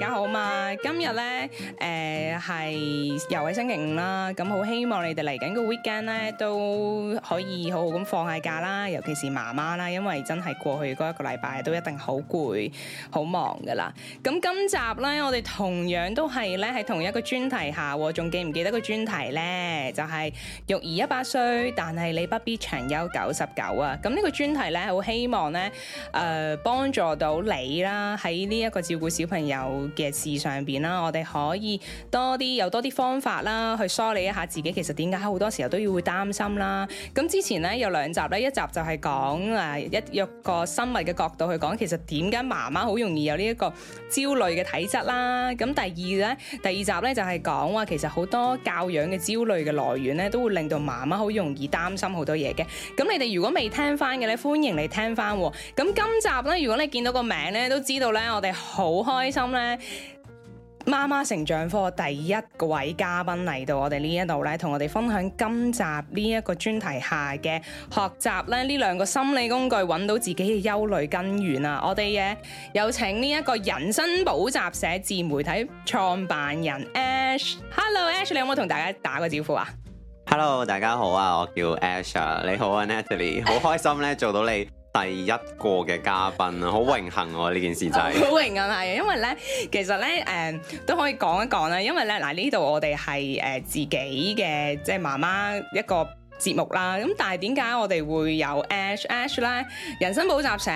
大家好嘛？今日咧，誒係又係星期五啦，咁好希望你哋嚟緊個 weekend 咧都可以好好咁放下假啦，尤其是媽媽啦，因為真係過去嗰一個禮拜都一定好攰好忙噶啦。咁今集咧，我哋同樣都係咧喺同一個專題下，仲記唔記得個專題咧？就係育兒一百歲，但係你不必長休九十九啊。咁呢個專題咧，好希望咧，誒幫助到你啦喺呢一個照顧小朋友嘅事上。上邊啦，我哋可以多啲有多啲方法啦，去梳理一下自己。其實，點解好多時候都要會擔心啦？咁之前咧，有兩集咧，一集就係講啊一，有個生物嘅角度去講，其實點解媽媽好容易有呢一個焦慮嘅體質啦？咁第二咧，第二集咧就係講話其實好多教養嘅焦慮嘅來源咧，都會令到媽媽好容易擔心好多嘢嘅。咁你哋如果未聽翻嘅咧，歡迎你聽翻。咁今集咧，如果你見到個名咧，都知道咧，我哋好開心咧。媽媽成長課第一個位嘉賓嚟到我哋呢一度咧，同我哋分享今集呢一個專題下嘅學習咧，呢兩個心理工具揾到自己嘅憂慮根源啊！我哋嘅有請呢一個人生補習社自媒體創辦人 Ash，Hello Ash，你有冇同大家打個招呼啊？Hello 大家好啊，我叫 Ash，你好啊 Natalie，好 開心咧做到你。第一個嘅嘉賓啊，好榮幸喎！呢件事就係好榮幸，係 因為咧，其實咧，誒、嗯、都可以講一講啦。因為咧，嗱呢度我哋係誒自己嘅即係媽媽一個節目啦。咁但係點解我哋會有 Ash Ash 咧？人生補習社，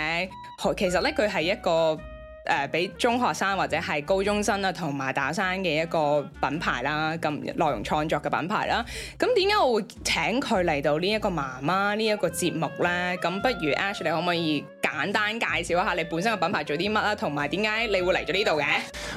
其實咧佢係一個。誒，俾、呃、中學生或者係高中生啊，同埋大學生嘅一個品牌啦，咁內容創作嘅品牌啦。咁點解我會請佢嚟到呢一個媽媽呢一個節目咧？咁不如 Ash，你可唔可以簡單介紹一下你本身嘅品牌做啲乜啊？同埋點解你會嚟咗呢度嘅？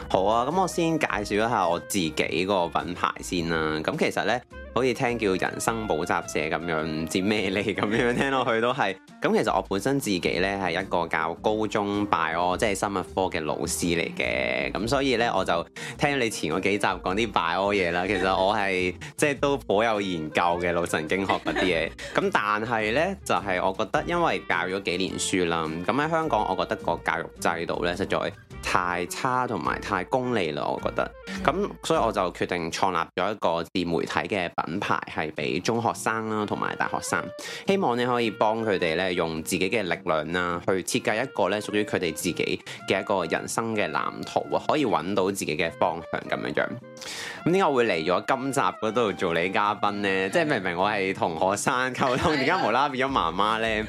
好啊，咁我先介紹一下我自己個品牌先啦。咁其實咧。好似聽叫人生補習社咁樣，唔知咩嚟咁樣聽落去都係咁。其實我本身自己呢，係一個教高中 Bio 即係生物科嘅老師嚟嘅，咁所以呢，我就聽你前嗰幾集講啲 Bio 嘢啦。其實我係即係都頗有研究嘅腦神經學嗰啲嘢。咁但係呢，就係、是、我覺得，因為教咗幾年書啦，咁喺香港我覺得個教育制度呢，實在，太差同埋太功利咯，我覺得。咁所以我就決定創立咗一個自媒體嘅品牌，係俾中學生啦同埋大學生，希望你可以幫佢哋咧用自己嘅力量啦、啊，去設計一個咧屬於佢哋自己嘅一個人生嘅藍圖，啊，可以揾到自己嘅方向咁樣樣，咁點解我會嚟咗今集嗰度做你嘉賓咧？ 即係明明我係同學生溝通，而家無啦啦變咗媽媽咧。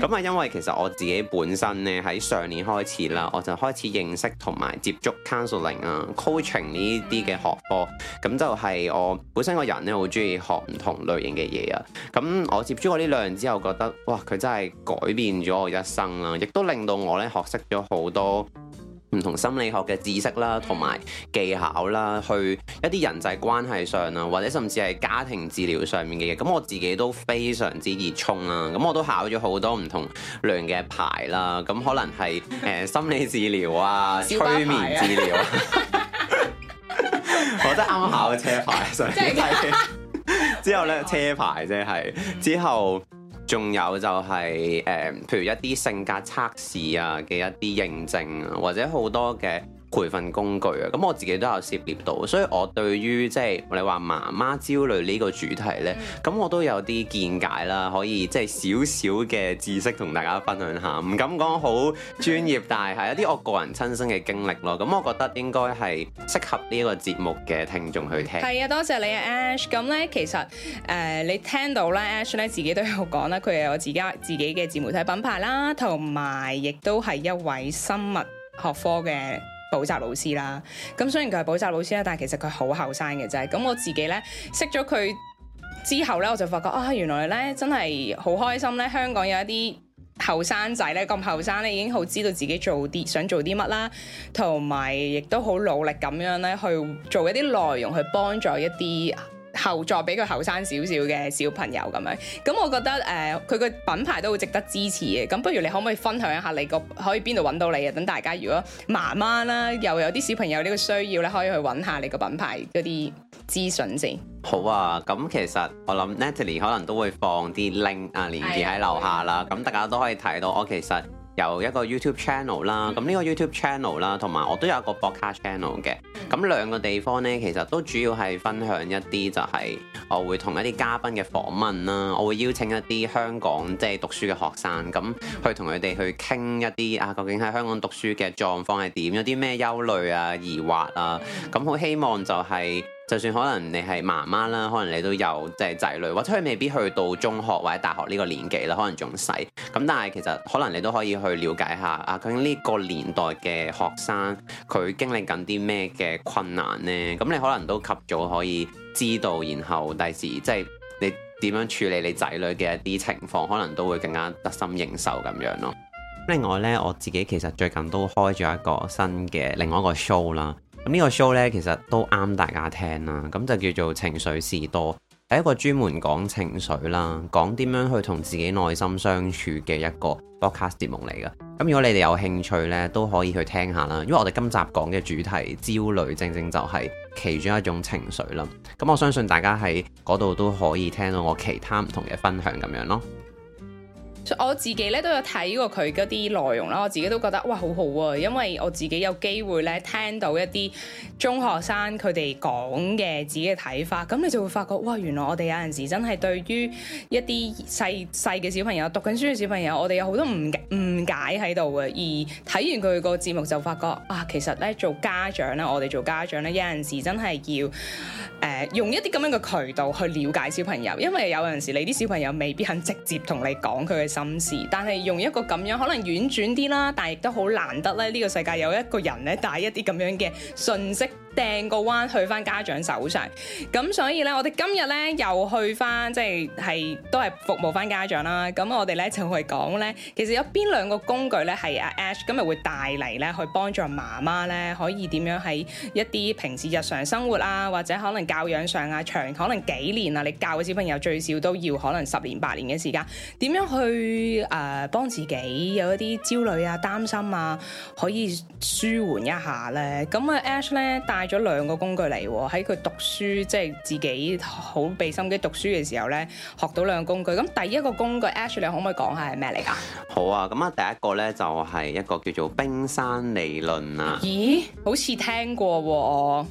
咁啊，因為其實我自己本身咧喺上年開始啦，我就開始認。識同埋接觸 counselling 啊，coaching 呢啲嘅學科，咁就係我本身個人咧好中意學唔同類型嘅嘢啊。咁我接觸過呢兩樣之後，覺得哇，佢真係改變咗我一生啦，亦都令到我咧學識咗好多。唔同心理學嘅知識啦，同埋技巧啦，去一啲人際關係上啊，或者甚至係家庭治療上面嘅嘢。咁我自己都非常之熱衷啊，咁我都考咗好多唔同量嘅牌啦。咁、啊、可能係誒、呃、心理治療啊，催眠、 啊、治療、啊。 我都啱啱考咗車牌上，之後呢，車牌即、就、係、是、之後。仲有就係、是、誒、呃，譬如一啲性格測試啊嘅一啲認證啊，或者好多嘅培訓工具啊，咁我自己都有涉獵到，所以我對於即係你話媽媽焦慮呢、呢個主題呢，咁、嗯、我都有啲見解啦，可以即係少少嘅知識同大家分享下，唔敢講好專業， 但係係一啲我個人親身嘅經歷咯。咁我覺得應該係適合呢個節目嘅聽眾去聽。係啊，多謝，謝你啊 Ash。咁呢，其實誒、呃、你聽到呢 Ash 呢自己都有講啦，佢有自己自己嘅自媒體品牌啦，同埋亦都係一位生物學科嘅。補習老師啦，咁雖然佢係補習老師啦，但係其實佢好後生嘅啫。咁我自己咧識咗佢之後咧，我就發覺啊，原來咧真係好開心咧。香港有一啲後生仔咧，咁後生咧，已經好知道自己做啲想做啲乜啦，同埋亦都好努力咁樣咧去做一啲內容去幫助一啲。後座俾個後生少少嘅小朋友咁樣，咁我覺得誒，佢、呃、個品牌都好值得支持嘅。咁不如你可唔可以分享一下你個可以邊度揾到你啊？等大家如果媽媽啦、啊，又有啲小朋友呢個需要咧，可以去揾下你個品牌嗰啲資訊先。好啊，咁其實我諗 Natalie 可能都會放啲 link 啊，連住喺樓下啦吧，咁、啊、大家都可以睇到。我其實。有一個 YouTube channel 啦，咁呢個 YouTube channel 啦，同埋我都有一個 Podcast channel 嘅，咁兩個地方呢，其實都主要係分享一啲就係我會同一啲嘉賓嘅訪問啦，我會邀請一啲香港即係讀書嘅學生，咁去同佢哋去傾一啲啊，究竟喺香港讀書嘅狀況係點，有啲咩憂慮啊、疑惑啊，咁好希望就係。就算可能你係媽媽啦，可能你都有即係仔女，或者佢未必去到中學或者大學呢個年紀啦，可能仲細。咁但係其實可能你都可以去了解下啊，究竟呢個年代嘅學生佢經歷緊啲咩嘅困難呢？咁你可能都及早可以知道，然後第時即係你點樣處理你仔女嘅一啲情況，可能都會更加得心應手咁樣咯。另外呢，我自己其實最近都開咗一個新嘅另外一個 show 啦。咁呢個 show 呢，其實都啱大家聽啦，咁就叫做情緒士多，係一個專門講情緒啦，講點樣去同自己內心相處嘅一個 podcast 節目嚟㗎。咁如果你哋有興趣呢，都可以去聽下啦。因為我哋今集講嘅主題焦慮，正正就係其中一種情緒啦。咁我相信大家喺嗰度都可以聽到我其他唔同嘅分享咁樣咯。我自己咧，都有睇過佢嗰啲內容啦，我自己都覺得哇，好好啊，因為我自己有機會咧聽到一啲中學生佢哋講嘅自己嘅睇法，咁你就會發覺哇，原來我哋有陣時真係對於一啲細細嘅小朋友讀緊書嘅小朋友，我哋有好多誤解誤解喺度嘅。而睇完佢個節目就發覺啊，其實咧做家長咧，我哋做家長咧有陣時真係要誒、呃、用一啲咁樣嘅渠道去了解小朋友，因為有陣時你啲小朋友未必肯直接同你講佢嘅。暗示，但係用一個咁樣，可能婉轉啲啦，但係亦都好難得咧。呢個世界有一個人咧，帶一啲咁樣嘅信息。掟個彎去翻家長手上，咁所以咧，我哋今日咧又去翻即係係都係服務翻家長啦。咁我哋咧就會講咧，其實有邊兩個工具咧係阿 Ash 今日會帶嚟咧，去幫助媽媽咧可以點樣喺一啲平時日常生活啊，或者可能教養上啊，長可能幾年啊，你教嘅小朋友最少都要可能十年八年嘅時間，點樣去誒、呃、幫自己有一啲焦慮啊、擔心啊，可以舒緩一下咧？咁啊，Ash 咧帶買咗兩個工具嚟喎，喺佢讀書即係、就是、自己好俾心機讀書嘅時候咧，學到兩個工具。咁第一個工具，Ash，你可唔可以講下係咩嚟噶？好啊，咁啊，第一個咧就係、是、一個叫做冰山理論啊。咦，好似聽過、啊。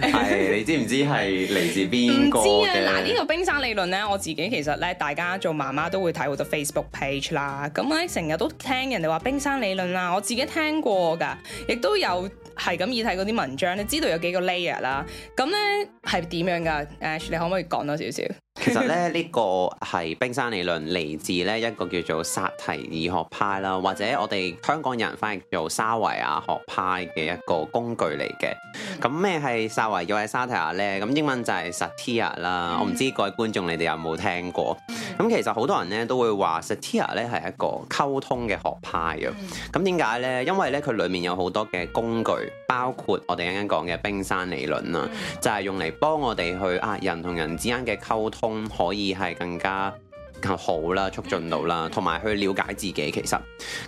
係 你知唔知係嚟自邊個嘅？嗱呢、啊呢個冰山理論咧，我自己其實咧，大家做媽媽都會睇好多 Facebook page 啦。咁咧成日都聽人哋話冰山理論啦，我自己聽過噶，亦都有係咁意睇嗰啲文章，你知道有幾個 layer 啦。咁咧係點樣噶？Ash，你可唔可以講多少少？ 其實咧，呢、這個係冰山理論嚟自，咧一個叫做薩提爾學派啦，或者我哋香港人翻譯做沙維亞學派嘅一個工具嚟嘅。咁咩係沙維亞？又係沙提爾咧？咁英文就係 Satir 啦。我唔知各位觀眾你哋有冇聽過？咁其實好多人咧都會話 Satir 咧係一個溝通嘅學派啊。咁點解咧？因為咧佢裏面有好多嘅工具，包括我哋啱啱講嘅冰山理論啦，就係、是、用嚟幫我哋去啊人同人之間嘅溝通。可以係更加更好啦，促進到啦，同埋去了解自己。其實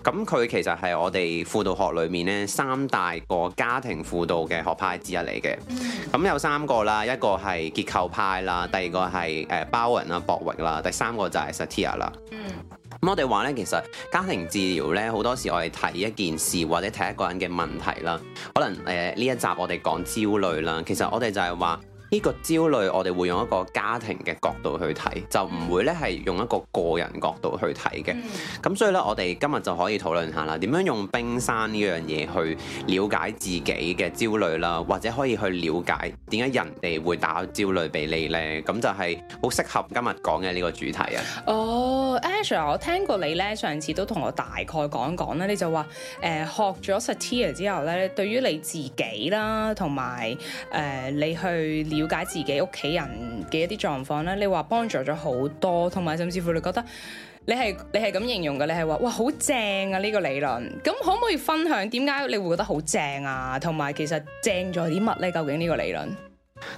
咁佢其實係我哋輔導學裡面咧三大個家庭輔導嘅學派之一嚟嘅。咁、嗯、有三個啦，一個係結構派啦，第二個係誒、呃、包雲啊博域啦，第三個就係 Satir 啦。嗯，咁我哋話咧，其實家庭治療咧好多時我哋睇一件事或者睇一個人嘅問題啦，可能誒呢、呃、一集我哋講焦慮啦，其實我哋就係話。呢個焦慮，我哋會用一個家庭嘅角度去睇，就唔會咧係用一個個人角度去睇嘅。咁、嗯、所以咧，我哋今日就可以討論下啦，點樣用冰山呢樣嘢去了解自己嘅焦慮啦，或者可以去了解點解人哋會打焦慮俾你呢？咁就係好適合今日講嘅呢個主題啊。哦、oh，Ash，我聽過你呢，上次都同我大概講講咧，你就話誒、呃、學咗 Satir 之後呢，對於你自己啦，同埋誒你去。了解自己屋企人嘅一啲狀況咧，你話幫助咗好多，同埋甚至乎你覺得你係你係咁形容嘅，你係話哇好正啊呢個理論，咁可唔可以分享點解你會覺得好正啊？同埋其實正咗啲乜呢？究竟呢個理論？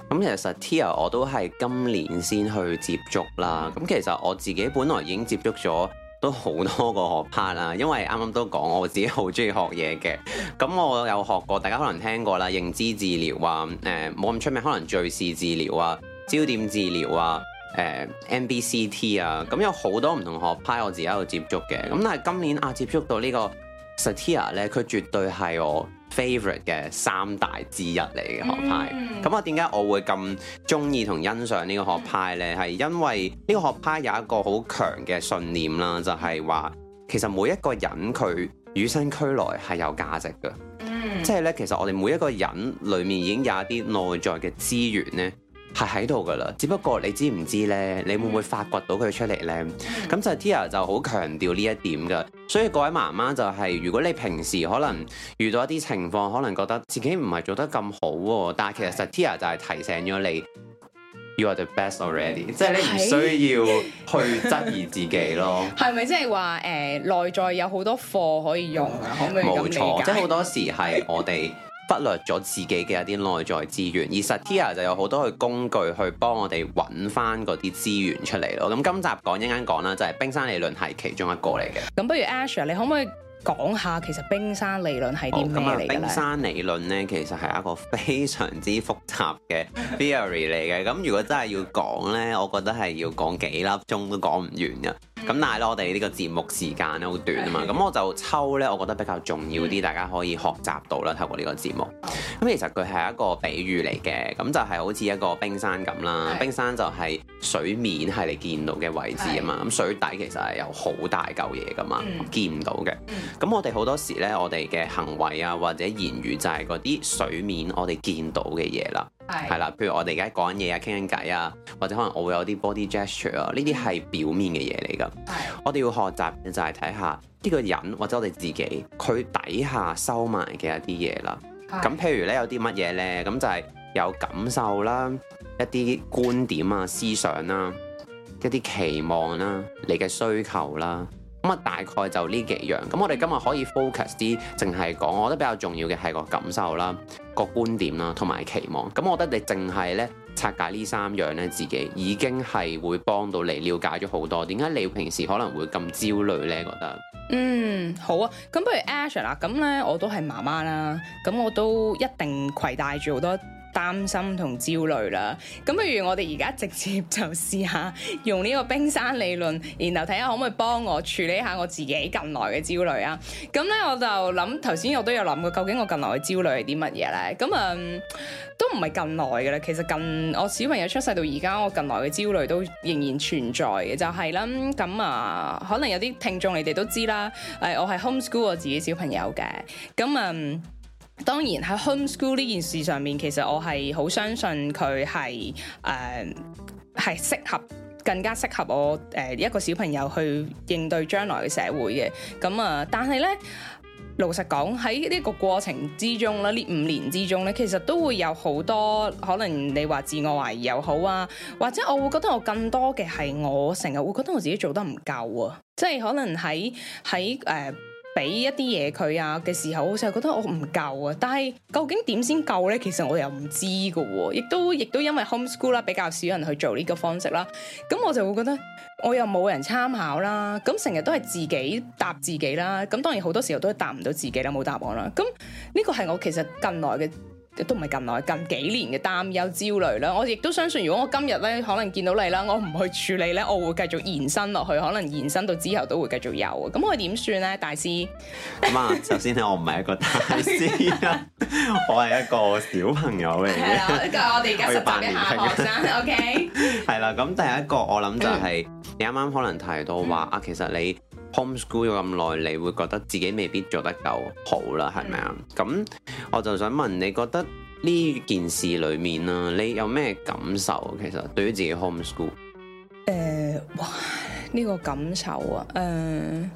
咁其實 Tia 我都係今年先去接觸啦，咁、嗯、其實我自己本來已經接觸咗。都好多個學派啦，因為啱啱都講我自己好中意學嘢嘅，咁 我有學過，大家可能聽過啦，認知治療啊，誒冇咁出名，可能敘事治療啊、焦點治療啊、誒、呃、MBCT 啊，咁、嗯、有好多唔同學派我自己喺度接觸嘅，咁但係今年啊接觸到個呢個 Satir 咧，佢絕對係我 favorite 嘅三大之一嚟嘅學派，咁我點解我會咁中意同欣賞呢個學派呢？係因為呢個學派有一個好強嘅信念啦，就係話其實每一個人佢與生俱來係有價值嘅，即係咧其實我哋每一個人裡面已經有一啲內在嘅資源呢。係喺度㗎喇，只不過你知唔知咧？你會唔會發掘到佢出嚟咧？咁 Tia 就好強調呢一點噶，所以各位媽媽就係、是，如果你平時可能遇到一啲情況，可能覺得自己唔係做得咁好、啊，但係其實 Tia 其實就係、是、提醒咗你，You are the best already，即係你唔需要去質疑自己咯。係咪即係話，誒，內在有好多貨可以用可、啊、唔可以咁理解？冇錯，即係好多時係我哋，忽略咗自己嘅一啲內在資源，而 Satir 就有好多嘅工具去幫我哋揾翻嗰啲資源出嚟咯。咁今集講一間講啦，就係、是、冰山理論係其中一個嚟嘅。咁不如 Ash，你可唔可以講下其實冰山理論係點嘅嚟嘅咧？冰山理論咧，其實係一個非常之複雜嘅 theory 嚟嘅。咁如果真係要講咧，我覺得係要講幾粒鐘都講唔完嘅。咁但係我哋呢個節目時間咧，好短啊嘛，咁的我就抽呢，我覺得比較重要啲，嗯、大家可以學習到啦，透過呢個節目。咁、嗯、其實佢係一個比喻嚟嘅，咁就係、是、好似一個冰山咁啦。的冰山就係水面係你見到嘅位置啊嘛，咁的水底其實係有好大嚿嘢噶嘛，嗯、見唔到嘅。咁、嗯、我哋好多時呢，我哋嘅行為啊或者言語就係嗰啲水面，我哋見到嘅嘢啦。係啦，譬如我哋而家講嘢啊，傾緊偈啊，或者可能我會有啲 body gesture 啊，呢啲係表面嘅嘢嚟噶。的我哋要學習嘅就係睇下呢個人或者我哋自己，佢底下收埋嘅一啲嘢啦。咁的譬如咧有啲乜嘢咧？咁就係有感受啦，一啲觀點啊、思想啦，一啲期望啦、你嘅需求啦。咁啊，大概就呢幾樣。咁我哋今日可以 focus 啲，淨係講，我覺得比較重要嘅係個感受啦、個觀點啦，同埋期望。咁我覺得你淨係咧拆解呢三樣咧，自己已經係會幫到你了解咗好多。點解你平時可能會咁焦慮呢？覺得嗯好啊。咁不如 Ash 啦，咁咧我都係媽媽啦，咁我都一定攜帶住好多。擔心同焦慮啦，咁不如我哋而家直接就試下用呢個冰山理論，然後睇下可唔可以幫我處理下我自己近來嘅焦慮啊？咁咧我就諗頭先我都有諗過，究竟我近來嘅焦慮係啲乜嘢咧？咁啊、嗯，都唔係近來嘅啦，其實近我小朋友出世到而家，我近來嘅焦慮都仍然存在嘅，就係、是、啦。咁、嗯、啊、嗯，可能有啲聽眾你哋都知啦，誒、呃，我係 homeschool 我自己小朋友嘅，咁啊。嗯當然喺 homeschool 呢件事上面，其實我係好相信佢係誒係適合更加適合我誒、呃、一個小朋友去應對將來嘅社會嘅。咁、嗯、啊，但係呢，老實講喺呢個過程之中咧，呢五年之中呢，其實都會有好多可能你話自我懷疑又好啊，或者我會覺得我更多嘅係我成日會覺得我自己做得唔夠啊，即係可能喺喺誒。俾一啲嘢佢啊嘅時候，我就覺得我唔夠啊！但係究竟點先夠呢？其實我又唔知噶，亦都亦都因為 homeschool 啦，比較少人去做呢個方式啦。咁我就會覺得我又冇人參考啦。咁成日都係自己答自己啦。咁當然好多時候都係答唔到自己啦，冇答案啦。咁呢個係我其實近來嘅。亦都唔係近耐，近幾年嘅擔憂焦慮啦，我亦都相信，如果我今日咧可能見到你啦，我唔去處理咧，我會繼續延伸落去，可能延伸到之後都會繼續有嘅，咁我點算咧，大師？咁啊，首先咧，我唔係一個大師啊， 我係一個小朋友嚟嘅， 我我哋而家十幾下學生，生 ，OK？係啦， 咁第一個我諗就係、是、 你啱啱可能提到話啊， 其實你。homeschool 咗咁耐，你會覺得自己未必做得夠好啦，係咪啊？咁、嗯、我就想問你，覺得呢件事裏面啊，你有咩感受？其實對於自己 homeschool，誒、呃、哇，呢、呢個感受啊，誒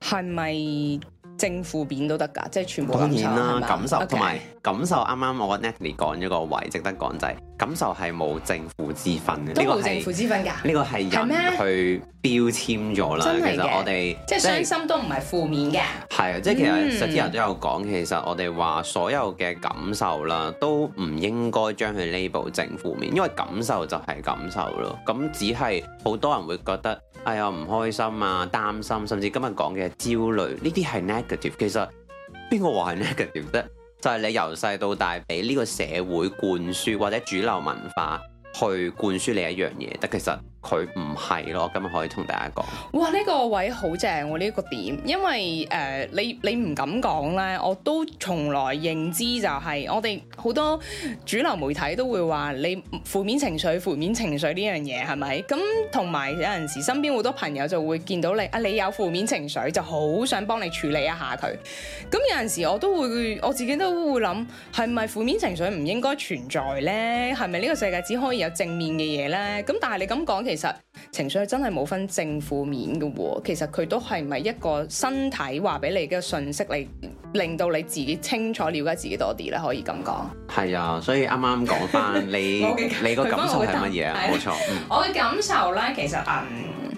係咪？是正負面都得噶，即係全部都得。當然啦，感受同埋感受，啱啱 Okay. 我覺得 Natalie 講咗個位值得講就係、是、感受係冇正負之分嘅。都冇正負之分㗎。呢個係嗎人去標籤咗啦。其實我哋即係傷心都唔係負面嘅。係啊，即係其實石之人都有講，其實我哋話所有嘅感受啦，都唔應該將佢 label 正負面，因為感受就係感受咯。咁只係好多人會覺得。哎呀，唔開心啊，擔心，甚至今日講嘅焦慮，呢啲係 negative。其實邊個話係 negative 得？Neg 就係你由細到大俾呢個社會灌輸，或者主流文化去灌輸你一樣嘢得。其實。佢唔係咯，今日可以同大家講哇！呢、這個位好正喎，呢、這個點，因為誒、呃、你你唔敢講咧，我都從來認知就係、是、我哋好多主流媒體都會話你負面情緒負面情緒呢樣嘢係咪？咁同埋有陣時身邊好多朋友就會見到你啊，你有負面情緒就好想幫你處理一下佢。咁有陣時我都會我自己都會諗，係咪負面情緒唔應該存在咧？係咪呢個世界只可以有正面嘅嘢咧？咁但係你咁講其其實情緒真係冇分正負面嘅，其實佢都係咪一個身體話俾你嘅訊息嚟，令到你自己清楚了解自己多啲咧，可以咁講。係 啊，所以啱啱講翻你 怕你個感受係乜嘢啊？冇錯，嗯、 我嘅感受咧，其實，嗯、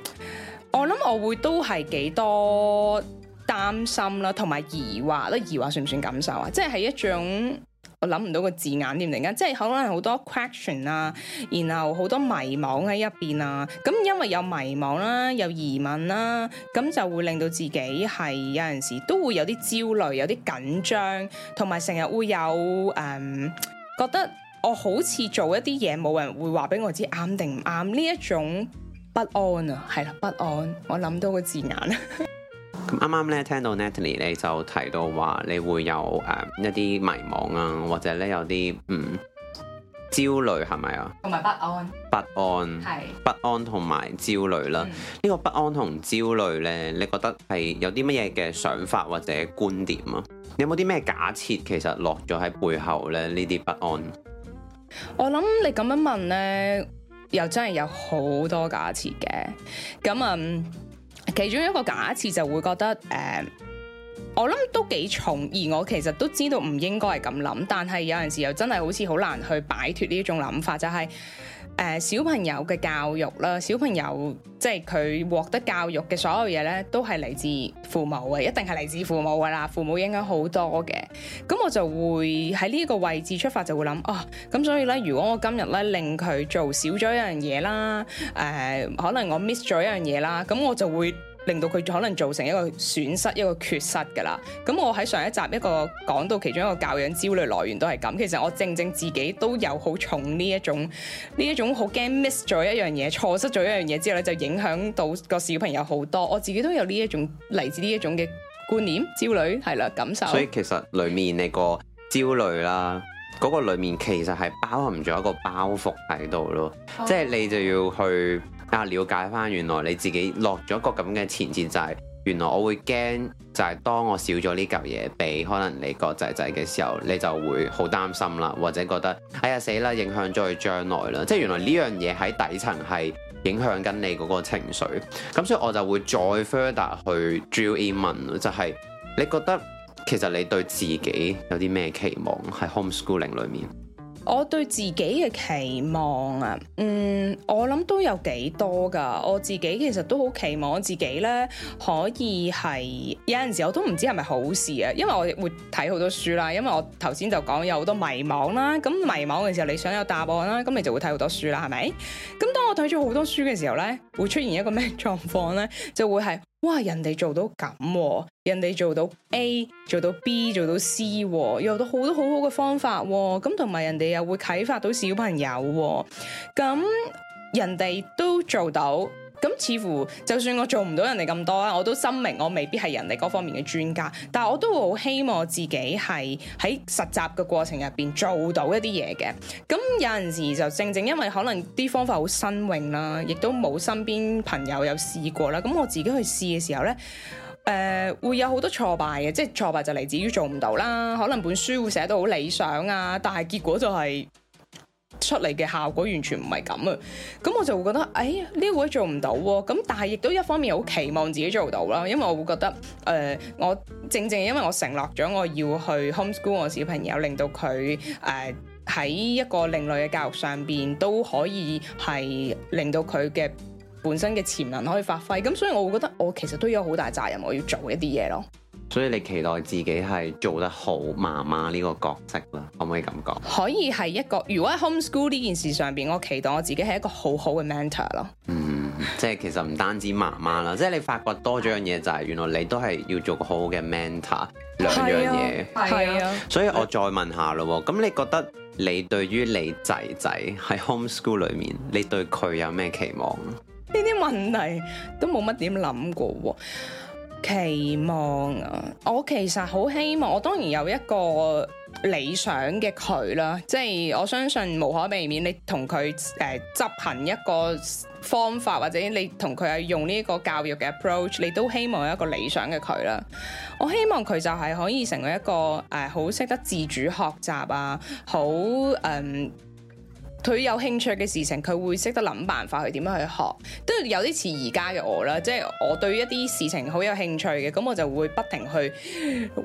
我諗我會都係幾多擔心啦，同埋疑惑啦。疑惑算唔算感受啊？即、就、係、是、一種。我諗唔到個字眼點嚟㗎？即係可能好多 question 啊，然後好多迷惘喺一邊啊，咁因為有迷惘啦、啊，有疑問啦、啊，咁就會令到自己係有陣時都會有啲焦慮，有啲緊張，同埋成日會有誒、呃，覺得我好似做一啲嘢冇人會話俾我知啱定唔啱呢一種不安啊，係啦，不安，我諗到個字眼 啱啱咧聽到 Natalie 你就提到話，你會有誒一啲迷茫啊，或者咧有啲嗯焦慮係咪啊？同埋不安，不安係是不安同埋焦慮啦。呢、嗯、個不安同焦慮咧，你覺得係有啲乜嘢嘅想法或者觀點啊？你有冇啲咩假設其實落咗喺背後咧？呢啲不安，我諗你咁樣問咧，又真係有好多假設嘅。咁啊。嗯其中一個假設就會覺得誒、呃，我諗都幾重，而我其實都知道唔應該係咁諗，但係有陣時又真係好似好難去擺脱呢一種諗法，就係、是。誒小朋友嘅教育啦，小朋友，小朋友即係佢獲得教育嘅所有嘢咧，都係嚟自父母嘅，一定係嚟自父母噶啦，父母影響好多嘅。咁我就會喺呢個位置出發就會諗哦，咁所以咧，如果我今日咧令佢做少咗一樣嘢啦，誒、呃，可能我 miss 咗一樣嘢啦，咁我就會。令到佢可能造成一個損失、一個缺失噶啦。咁我喺上一集一個講到其中一個教養焦慮來源都係咁。其實我正正自己都有好重呢一種呢一種好驚 miss 咗一樣嘢、錯失咗一樣嘢之後咧，就影響到個小朋友好多。我自己都有呢一種嚟自呢一種嘅觀念焦慮係啦，感受。所以其實裏面你個焦慮啦，嗰個裏面其實係包含咗一個包袱喺度咯。即係、oh. 你就要去。啊！瞭解，翻原來你自己落咗個咁嘅前節，就係、是、原來我會驚，就係當我少咗呢嚿嘢俾可能你個仔仔嘅時候，你就會好擔心啦，或者覺得哎呀死啦，影響咗佢將來啦。即係原來呢樣嘢喺底層係影響緊你嗰個情緒。咁所以我就會再 further 去 drill in 問，就係你覺得其實你對自己有啲咩期望喺 homeschooling 裏面？我對自己嘅期望啊，嗯，我諗都有幾多㗎。我自己其實都好期望自己咧，可以係。有陣時我都唔知係咪好事啊。因為我會睇好多書啦，因為我頭先就講有好多迷惘啦。咁迷惘嘅時候，你想有答案啦，咁你就會睇好多書啦，係咪？咁當我睇咗好多書嘅時候咧，會出現一個咩狀況咧？就會係。哇！人哋做到咁喎，人哋做到 A，做到 B，做到 C，用、啊、到好多好好嘅方法喎，咁同埋人哋又會啟發到小朋友喎，咁人哋都做到。咁似乎就算我做唔到人哋咁多啦，我都深明我未必係人哋嗰方面嘅專家，但係我都好希望自己係喺實習嘅過程入邊做到一啲嘢嘅。咁有陣時就正正因為可能啲方法好新穎啦，亦都冇身邊朋友有試過啦，咁我自己去試嘅時候咧，誒、呃，會有好多挫敗嘅，即係挫敗就嚟自於做唔到啦。可能本書會寫得好理想啊，但係結果就係、是。出嚟嘅效果完全唔係咁啊，咁我就會覺得，哎呀呢個位、這個、做唔到喎，咁但係亦都一方面好期望自己做到啦，因為我會覺得，誒、呃、我正正因為我承諾咗我要去 homeschool 我小朋友，令到佢誒喺一個另類嘅教育上邊都可以係令到佢嘅本身嘅潛能可以發揮，咁所以我會覺得我其實都有好大責任我要做一啲嘢咯。所以你期待自己係做得好媽媽呢個角色啦，可唔可以咁講？可以係一個，如果喺 homeschool 呢件事上邊，我期待我自己係一個好好嘅 mentor 咯。嗯，即係其實唔單止媽媽啦，即係你發覺多咗樣嘢就係，原來你都係要做個好好嘅 mentor 兩樣嘢。係啊，啊所以我再問下啦，咁你覺得你對於你仔仔喺 homeschool 裏面，你對佢有咩期望？呢啲問題都冇乜點諗過。期望啊！我其實好希望，我當然有一個理想嘅佢啦，即係我相信無可避免你，你同佢誒執行一個方法，或者你同佢係用呢個教育嘅 approach，你都希望有一個理想嘅佢啦。我希望佢就係可以成為一個誒好識得自主學習啊，好嗯。佢有興趣嘅事情，佢會識得諗辦法去點樣去學，都有啲似而家嘅我啦。即係我對一啲事情好有興趣嘅，咁我就會不停去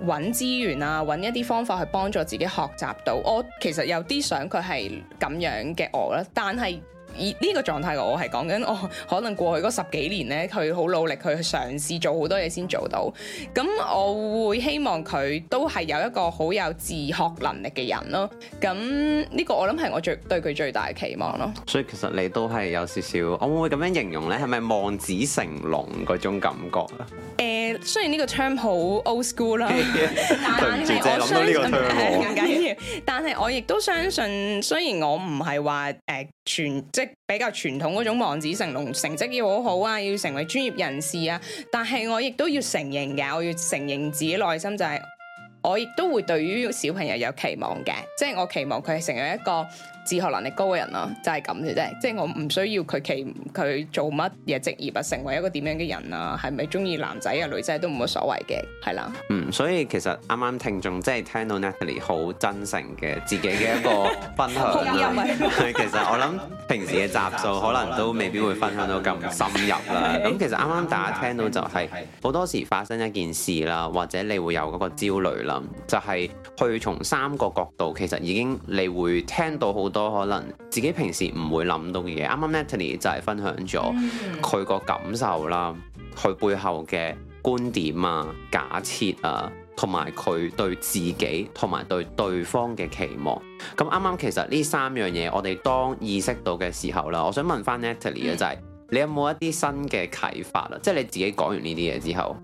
揾資源啊，揾一啲方法去幫助自己學習到。我其實有啲想佢係咁樣嘅我啦，但係。呢個狀態我係講緊我可能過去嗰十幾年咧，佢好努力去嘗試做好多嘢，先做到。咁我會希望佢都係有一個好有自學能力嘅人咯。咁呢個我諗係我最對佢最大嘅期望咯。所以其實你都係有少少，我會咁樣形容咧？係咪望子成龍嗰種感覺啊？誒、呃，雖然呢個 term 好 old school 啦，但係我諗到呢個 term，但係我亦都相信，雖然我唔係話誒全即。比較傳統嗰種望子成龍，成績要好好啊，要成為專業人士啊，但係我亦都要承認嘅，我要承認自己內心就係，我亦都會對於小朋友有期望嘅，即係我期望佢係成為一個。自學能力高嘅人咯，啊，就係咁嘅啫，即係我唔需要佢其佢做乜嘢職業啊，成為一個點樣嘅人啊，係咪中意男仔啊女仔，啊、都冇乜所謂嘅，係啦。嗯，所以其實啱啱聽眾即係聽到，到 Natalie 好真誠嘅自己嘅一個分享啦。 其實我諗平時嘅集數可能都未必會分享到咁深入啦。咁 其實啱啱大家聽到就係，是、好多時發生一件事啦，或者你會有嗰個焦慮啦，就係，是、去從三個角度，其實已經你會聽到好。多可能自己平時唔會諗到嘅嘢，啱啱 Natalie 就係分享咗佢個感受啦，佢、嗯、背後嘅觀點啊、假設啊，同埋佢對自己同埋對對方嘅期望。咁啱啱其實呢三樣嘢，我哋當意識到嘅時候啦，我想問翻 Natalie 啊，就係你有冇一啲新嘅啟發啦？即係你自己講完呢啲嘢之後，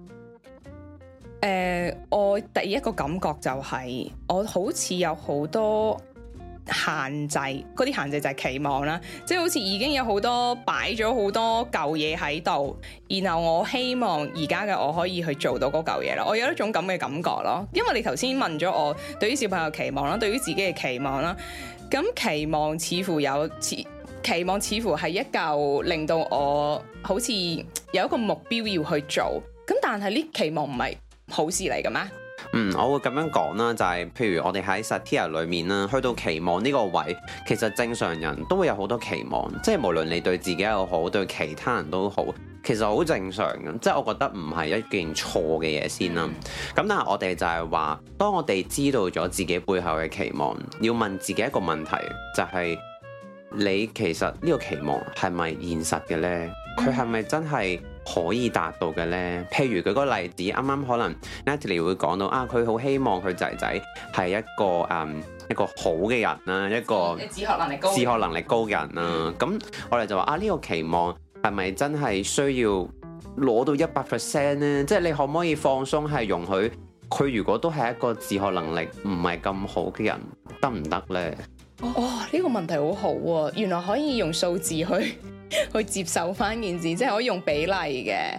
誒、呃，我第一個感覺就係、是、我好似有好多限制嗰啲限制就係期望啦，即係好似已經有好多擺咗好多舊嘢喺度，然後我希望而家嘅我可以去做到嗰舊嘢啦，我有一種咁嘅感覺咯，因為你頭先問咗我對於小朋友期望啦，對於自己嘅期望啦，咁期望似乎有，似期望似乎係一舊令到我好似有一個目標要去做，咁但係呢期望唔係好事嚟嘅咩？嗯，我會咁樣講啦，就係、是，譬如我哋喺 Satir 裏面啦，去到期望呢個位，其實正常人都會有好多期望，即係無論你對自己又好，對其他人都好，其實好正常嘅，即係我覺得唔係一件錯嘅嘢，先啦。咁但係我哋就係話，當我哋知道咗自己背後嘅期望，要問自己一個問題，就係、是、你其實呢個期望係咪現實嘅呢？佢係咪真係？可以達到嘅呢？譬如舉個例子，啱啱可能 Natalie 會講到啊，佢好希望佢仔仔係一個誒、嗯、一個好嘅人啦、啊，一個自學能力高，自學能力高嘅人啦。咁我哋就話啊，呢個期望係咪真係需要攞到一百 percent 呢？即係你可唔可以放鬆，係容許佢如果都係一個自學能力唔係咁好嘅人得唔得呢？哦，呢、呢個問題好好、啊、喎，原來可以用數字去。 去接受翻件事，即係可以用比例嘅。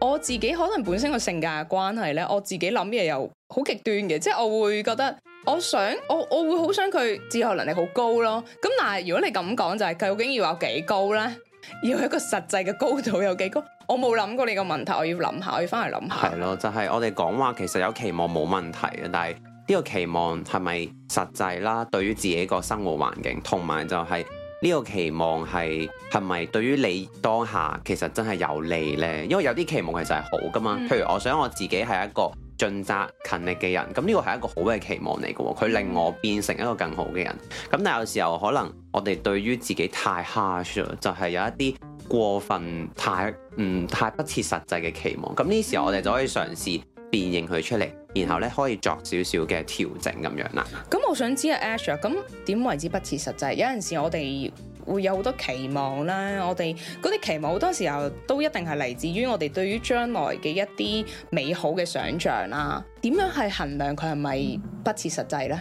我自己可能本身個性格嘅關係咧，我自己諗嘢又好極端嘅，即係我會覺得我，我想我我會好想佢自學能力好高咯。咁但係如果你咁講就係、佢，究竟要有幾高咧？要一個實際嘅高度有幾高？我冇諗過你個問題，我要諗下，我要翻嚟諗下。係咯，就係、是、我哋講話其實有期望冇問題嘅，但係呢個期望係咪實際啦？對於自己個生活環境同埋就係、是。呢個期望係係咪對於你當下其實真係有利呢？因為有啲期望其實係好噶嘛，譬、嗯、如我想我自己係一個盡責勤力嘅人，咁呢個係一個好嘅期望嚟嘅。佢令我變成一個更好嘅人。咁但有時候可能我哋對於自己太 harsh 咗，就係、是、有一啲過分太唔、嗯、太不切實際嘅期望。咁呢時候我哋就可以嘗試辨認佢出嚟。然後咧可以作少少嘅調整咁樣啦。咁我想知阿 Ash 啊，咁點為之不切實際？有陣時我哋會有好多期望啦，我哋嗰啲期望好多時候都一定係嚟自於我哋對於將來嘅一啲美好嘅想像啦。點樣係衡量佢係咪不切實際呢？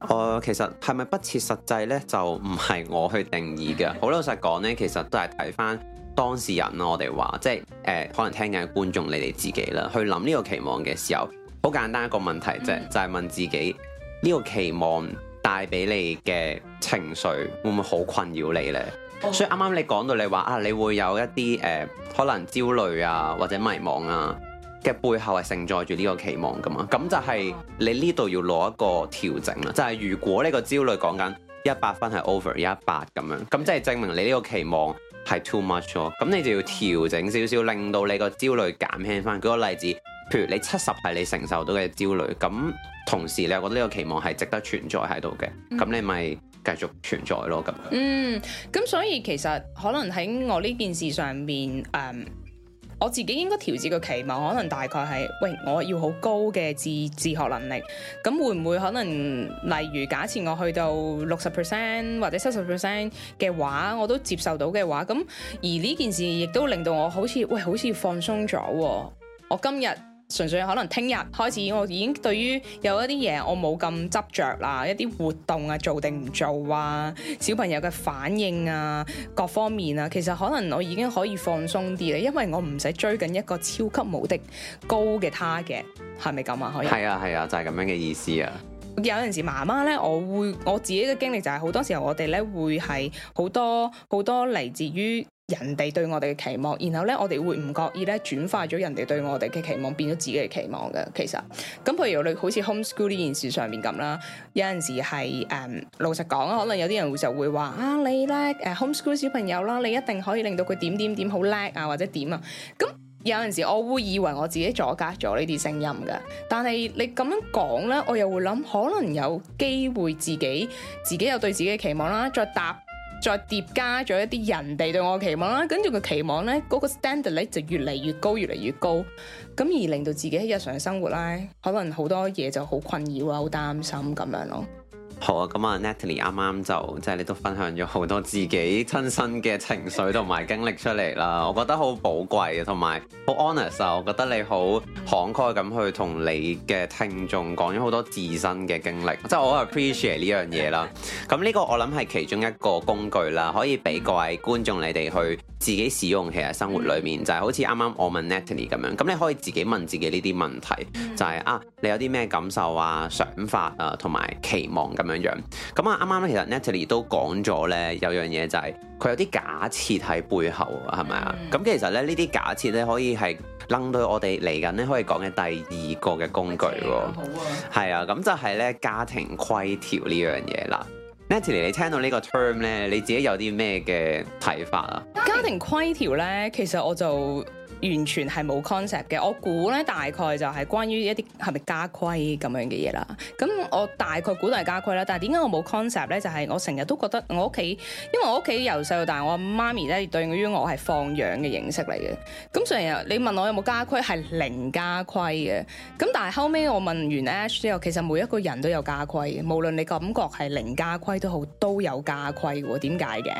誒、呃，其實係咪不切實際呢？就唔係我去定義嘅。好老實講呢，其實都係睇翻當事人。我哋話即係誒、呃，可能聽緊嘅觀眾你哋自己啦，去諗呢個期望嘅時候。好簡單一個問題啫，嗯、就係問自己呢、呢個期望帶俾你嘅情緒會唔會好困擾你呢？哦。所以啱啱你講到你話啊，你會有一啲誒、呃、可能焦慮啊或者迷茫啊嘅背後係承載住呢個期望噶嘛？咁就係你呢度要攞一個調整啦。就係、是、如果呢個焦慮講緊一百分係 over 一百咁樣，咁即係證明你呢個期望係 too much 咯。咁你就要調整少少，令到你個焦慮減輕翻。舉個例子。譬如你七十，係你承受到嘅焦慮，咁同時你又覺得呢個期望係值得存在喺度嘅，咁你咪繼續存在咯咁樣。嗯，咁所以其實可能喺我呢件事上面，誒、嗯，我自己應該調節個期望，可能大概係，喂，我要好高嘅自自學能力，咁會唔會可能例如假設我去到六十 percent 或者七十 percent 嘅話，我都接受到嘅話，咁而呢件事亦都令到我好似喂，好似放鬆咗，啊，我今日。純粹可能聽日開始，我已經對於有一啲嘢我冇咁執着啦，一啲活動啊做定唔做啊，小朋友嘅反應啊各方面啊，其實可能我已經可以放鬆啲啦，因為我唔使追緊一個超級無敵高嘅他嘅，係咪咁啊？可以係啊係啊，就係咁樣嘅意思啊！有陣時媽媽咧，我會我自己嘅經歷就係好多時候我哋咧會係好多好多嚟自於。人哋對我哋嘅期望，然後咧我哋會唔覺意咧轉化咗人哋對我哋嘅期望，變咗自己嘅期望嘅。其實咁，譬如你好似 homeschool 呢件事上面咁啦，有陣時係誒、嗯、老實講啊，可能有啲人會就會話啊你叻誒 homeschool 小朋友啦，你一定可以令到佢點點點好叻啊，或者點啊。咁有陣時我會以為我自己阻隔咗呢啲聲音嘅，但係你咁樣講咧，我又會諗可能有機會自己自己有對自己嘅期望啦，再答。再疊加咗一啲人哋對我嘅期望啦，跟住個期望咧，嗰個 standard 咧就越嚟越高，越嚟越高，咁而令到自己喺日常生活啦，可能好多嘢就好困擾啊，好擔心咁樣咯。好啊，咁啊 Natalie 啱啱就即係你都分享咗好多自己親身嘅情緒同埋經歷出嚟啦，我覺得好寶貴啊，同埋好 honest 啊，我覺得你好慷慨咁去同你嘅聽眾講咗好多自身嘅經歷，即係我好 appreciate 呢樣嘢啦。咁呢 個我諗係其中一個工具啦，可以俾各位觀眾你哋去自己使用，其實生活裏面就係、是、好似啱啱我問 Natalie 咁樣，咁你可以自己問自己呢啲問題，就係、是、啊，你有啲咩感受啊、想法啊、同埋期望咁、啊。咁樣樣，咁啊，啱啱咧，其實 Natalie 都講咗咧，有樣嘢就係、是、佢有啲假設喺背後，係咪啊？咁、嗯、其實咧，呢啲假設咧，可以係掹到我哋嚟緊咧，可以講嘅第二個嘅工具，好啊，係啊，咁、啊、就係咧家庭規條呢樣嘢啦。 Natalie，你聽到呢個 term 咧，你自己有啲咩嘅睇法啊？家庭規條咧，其實我就。完全係冇 concept 嘅，我估咧大概就係關於一啲係咪家規咁樣嘅嘢啦。咁我大概估到係家規啦，但係點解我冇 concept 咧？就係、是、我成日都覺得我屋企，因為我屋企由細到大，我媽咪咧對於我係放養嘅形式嚟嘅。咁成日你問我有冇家規係零家規嘅，咁但係後尾我問完 Ash 之後，其實每一個人都有家規，無論你感覺係零家規都好，都有家規喎。點解嘅？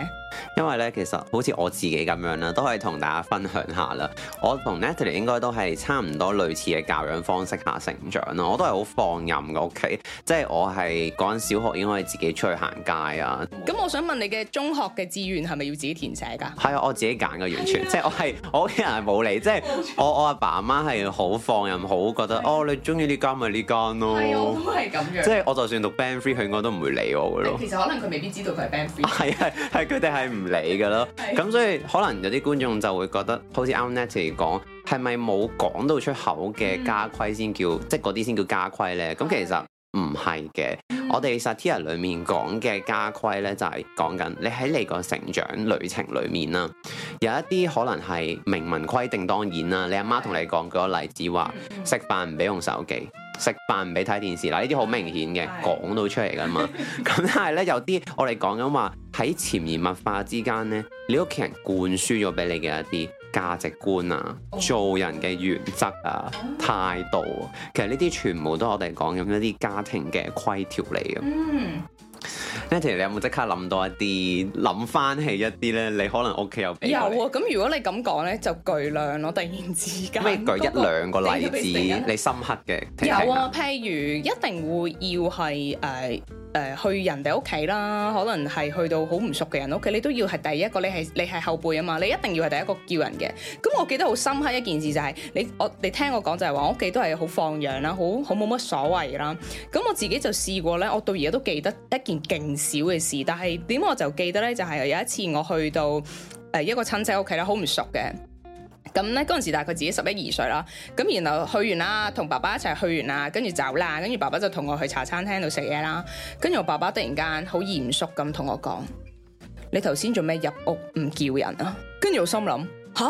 因為咧，其實好似我自己咁樣啦，都可以同大家分享下啦。我同 Natalie 應該都係差唔多類似嘅教養方式下成長咯，我都係好放任嘅屋企，即係我係講小學應該係自己出去行街啊。咁我想問你嘅中學嘅志願係咪要自己填寫㗎？係啊，我自己揀嘅完全，是啊、即係我係我屋企人係冇理，即係 我我阿爸阿媽係好放任，好覺得 哦，你中意呢間咪呢間咯。係啊，我、啊、都係咁樣。即係我就算讀 Band Three 佢應該都唔會理我嘅咯。其實可能佢未必知道佢係 Band Three。係係係，佢哋係唔理嘅咯。咁所以可能有啲觀眾就會覺得 好似啱嚟講，係咪冇講到出口嘅家規先叫，嗯、即係嗰啲先叫家規呢？咁、嗯、其實唔係嘅，我哋 Satir 裡面講嘅家規呢，就係講緊你喺你個成長旅程裡面啦，有一啲可能係明文規定，當然啦，你阿媽同你講個例子話，食飯唔俾用手機，食飯唔俾睇電視，嗱，呢啲好明顯嘅講到出嚟噶嘛。咁、嗯、但係呢，有啲我哋講緊話喺潛移默化之間呢，你屋企人灌輸咗俾你嘅一啲。價值觀啊，oh。做人嘅原則啊，oh。態度啊，其實呢啲全部都係我哋講緊一啲家庭嘅規條嚟嘅。嗯、mm.，Natalie，你有冇即刻諗到一啲，諗返起一啲咧？你可能屋企有有啊。咁如果你咁講咧，就巨量咯、啊。突然之間，可以是、那個、舉一、那個、兩個例子，你，你深刻嘅。聽一聽一聽有啊，譬如一定會要係誒。Uh 誒去人哋屋企啦，可能係去到好唔熟嘅人屋企，你都要係第一個，你係你係後輩啊嘛，你一定要係第一個叫人嘅。咁我記得好深刻一件事就係、是、你我你聽我講就係話我屋企都係好放養啦，好好冇乜所謂啦。咁我自己就試過咧，我到而家都記得一件勁少嘅事，但係點我就記得咧，就係、是、有一次我去到誒一個親戚屋企咧，好唔熟嘅。咁咧嗰陣時大概自己十一二歲啦，咁然後去完啦，同爸爸一齊去完啦，跟住走啦，跟住爸爸就同我去茶餐廳度食嘢啦，跟住我爸爸突然間好嚴肅咁同我講：你頭先做咩入屋唔叫人啊？跟住我心諗：吓，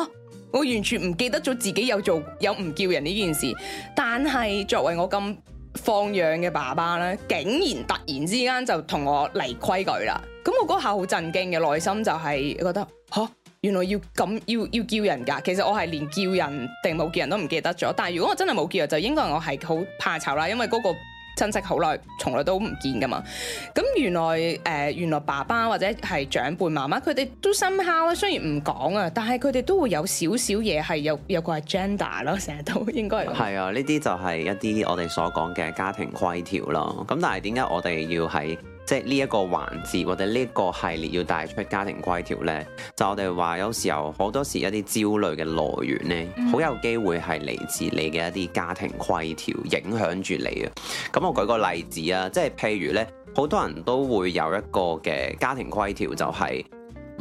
我完全唔記得咗自己有做有唔叫人呢件事，但係作為我咁放養嘅爸爸咧，竟然突然之間就同我嚟規矩啦。咁我嗰下好震驚嘅，內心就係覺得吓。原來要咁要要叫人噶，其實我係連叫人定冇叫人都唔記得咗。但係如果我真係冇叫啊，就應該我係好怕醜啦，因為嗰個親戚好耐，從來都唔見噶嘛。咁原來誒、呃，原來爸爸或者係長輩媽媽，佢哋都深刻。雖然唔講啊，但係佢哋都會有少少嘢係有有個 agenda 咯，成日都應該係啊。呢啲就係一啲我哋所講嘅家庭規條咯。咁但係點解我哋要喺？即係呢一個環節或者呢一個系列要帶出家庭規條咧，就我哋話有時候好多時一啲焦慮嘅來源咧，好有機會係嚟自你嘅一啲家庭規條影響住你啊。咁我舉個例子啊，即係譬如咧，好多人都會有一個嘅家庭規條就，就係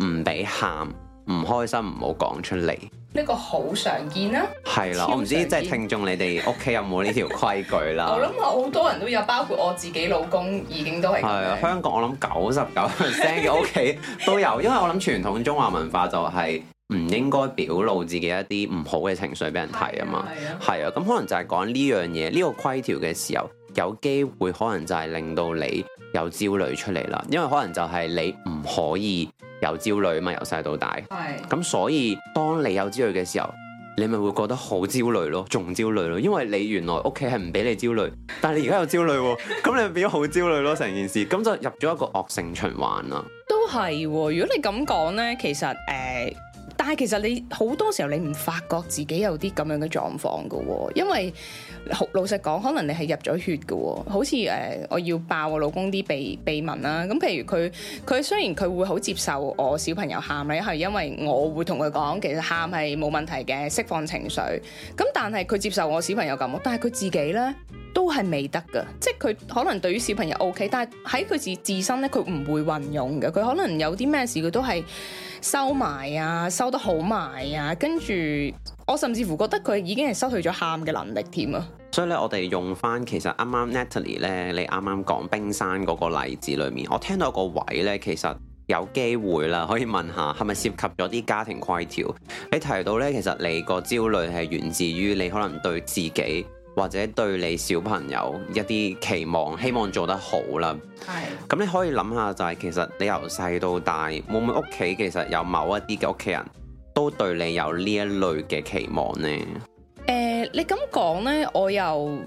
唔俾喊，唔開心唔好講出嚟。呢個好常見啦，係啦的，我唔知即係聽眾你哋屋企有冇呢條規矩啦。 我諗好多人都有，包括我自己老公已經都係。係啊，香港我諗九十九 percent 嘅屋企都有， 因為我諗傳統中華文化就係唔應該表露自己一啲唔好嘅情緒俾人睇啊嘛。係啊，咁可能就係講呢樣嘢，呢個規條嘅時候有機會可能就係令到你有焦慮出嚟啦，因為可能就係你唔可以。由焦慮嘛，由細到大。係咁是，所以當你有焦慮嘅時候，你咪會覺得好焦慮咯，仲焦慮咯，因為你原來屋企係唔俾你焦慮，但係你而家有焦慮，咁你咪變咗好焦慮咯， 成件事，咁 就入咗一個惡性循環啦。都係、哦，如果你咁講咧，其實誒、呃，但係其實你好多時候你唔發覺自己有啲咁樣嘅狀況噶，因為。老實講，可能你係入咗血嘅、哦，好似誒、呃，我要爆我老公啲秘、秘密啦。咁譬如佢，佢雖然佢會好接受我小朋友喊啦，係因為我會同佢講，其實喊係冇問題嘅，釋放情緒。咁但係佢接受我小朋友咁，但係佢自己呢都係未得嘅，即係佢可能對於小朋友 OK，但係喺佢自自身呢，佢唔會運用嘅。佢可能有啲咩事，佢都係收埋啊，收得好埋啊，跟住。我甚至乎覺得佢已經係失去咗喊嘅能力添啊！所以咧，我哋用翻其實啱啱 Natalie 咧，你啱啱講冰山嗰個例子裏面，我聽到個位咧，其實有機會啦，可以問下係咪涉及咗啲家庭規條？你提到咧，其實你個焦慮係源自於你可能對自己或者對你小朋友一啲期望，希望做得好啦。係的。咁你可以諗下，就係其實你由細到大，會唔會屋企其實有某一啲嘅屋企人？都對你有呢一類嘅期望呢。誒、呃，你咁講呢，我又唔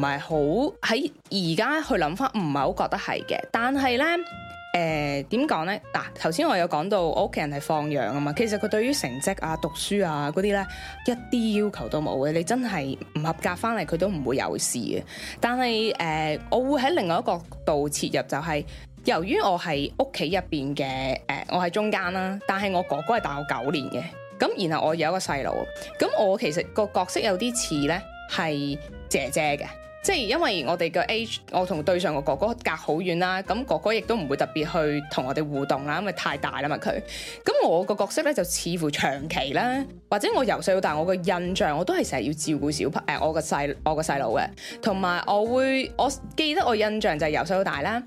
係好喺而家去諗翻，唔係好覺得係嘅。但係呢，誒點講呢？嗱、啊，頭先我有講到我屋企人係放養啊嘛，其實佢對於成績啊、讀書啊嗰啲呢，一啲要求都冇嘅。你真係唔合格翻嚟，佢都唔會有事嘅。但係誒、呃，我會喺另外一個角度切入，就是，就係。由於我係屋企入邊嘅，誒、呃，我喺中間啦。但係我哥哥係大我九年嘅，咁然後我有一個細佬，咁我其實個角色有啲似咧係姐姐嘅，即係因為我哋嘅 age，我同對上個哥哥隔好遠啦，咁哥哥亦都唔會特別去同我哋互動啦，因為太大啦嘛佢。咁我個角色咧就似乎長期啦，或者我由細到大，我個印象我都係成日要照顧小朋，誒、呃，我個細我個細佬嘅，同埋我會，我記得我印象就係由細到大啦。